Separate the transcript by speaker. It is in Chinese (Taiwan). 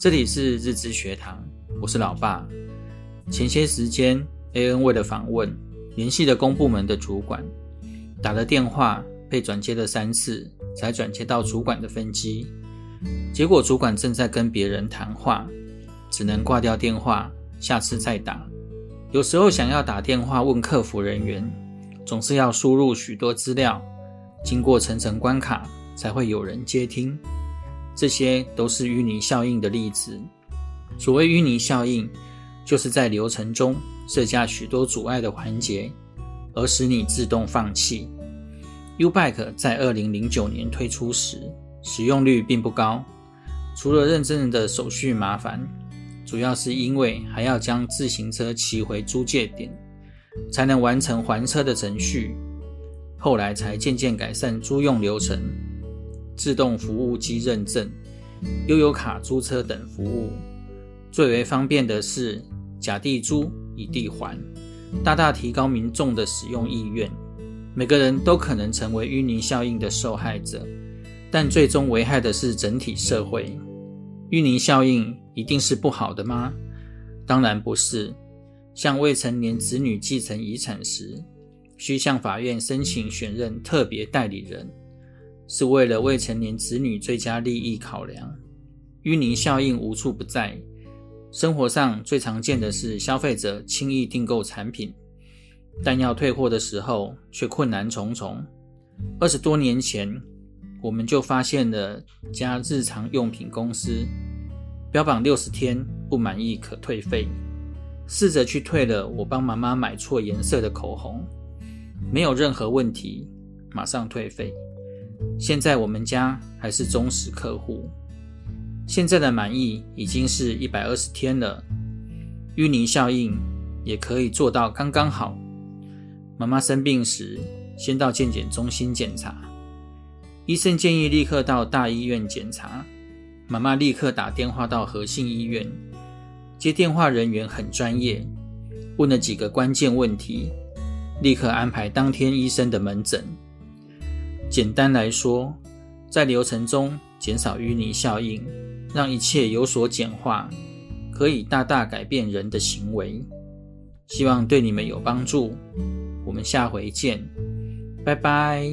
Speaker 1: 這裡是日之學堂，我是老爸。前些時間，A N 為了訪問，聯繫了公部門的主管，打了電話，被轉接了三次，才轉接到主管的分機。結果主管正在跟別人談話，只能掛掉電話，下次再打。有時候想要打電話問客服人員，總是要輸入許多資料，經過層層關卡，才會有人接聽。這些都是淤泥效應的例子。所謂淤泥效應，就是在流程中設下許多阻礙的環節，而使你自動放棄。Ubike 在二零零九年推出時，使用率並不高，除了認證的手續麻煩，主要是因為還要將自行車騎回租借點，才能完成還車的程序。後來才漸漸改善租用流程。自動服務機認證、悠遊卡租車等服務，最為方便的是甲地租乙地還，大大提高民眾的使用意願。每個人都可能成為淤泥效應的受害者，但最終危害的是整體社會。淤泥效應一定是不好的嗎？當然不是。像未成年子女繼承遺產時，需向法院聲請選任特別代理人。是為了未成年子女最佳利益考量，淤泥效應無處不在。生活上最常見的是消費者輕易訂購產品，但要退貨的時候卻困難重重。二十多年前，我們就發現了一家日常用品公司，標榜六十天不滿意可退費，試着去退了我幫媽媽買錯顏色的口紅，沒有任何問題，馬上退費。現在我們家還是忠實客戶，現在的滿意已經是一百二十天了。淤泥效應也可以做到剛剛好。媽媽生病時，先到健檢中心檢查，醫生建議立刻到大醫院檢查，媽媽立刻打電話到和信醫院，接電話人員很專業，問了幾個關鍵問題，立刻安排當天醫生的門診。簡單來說，在流程中減少淤泥效應，讓一切有所簡化，可以大大改變人的行為。希望對你們有幫助。我們下回見，拜拜。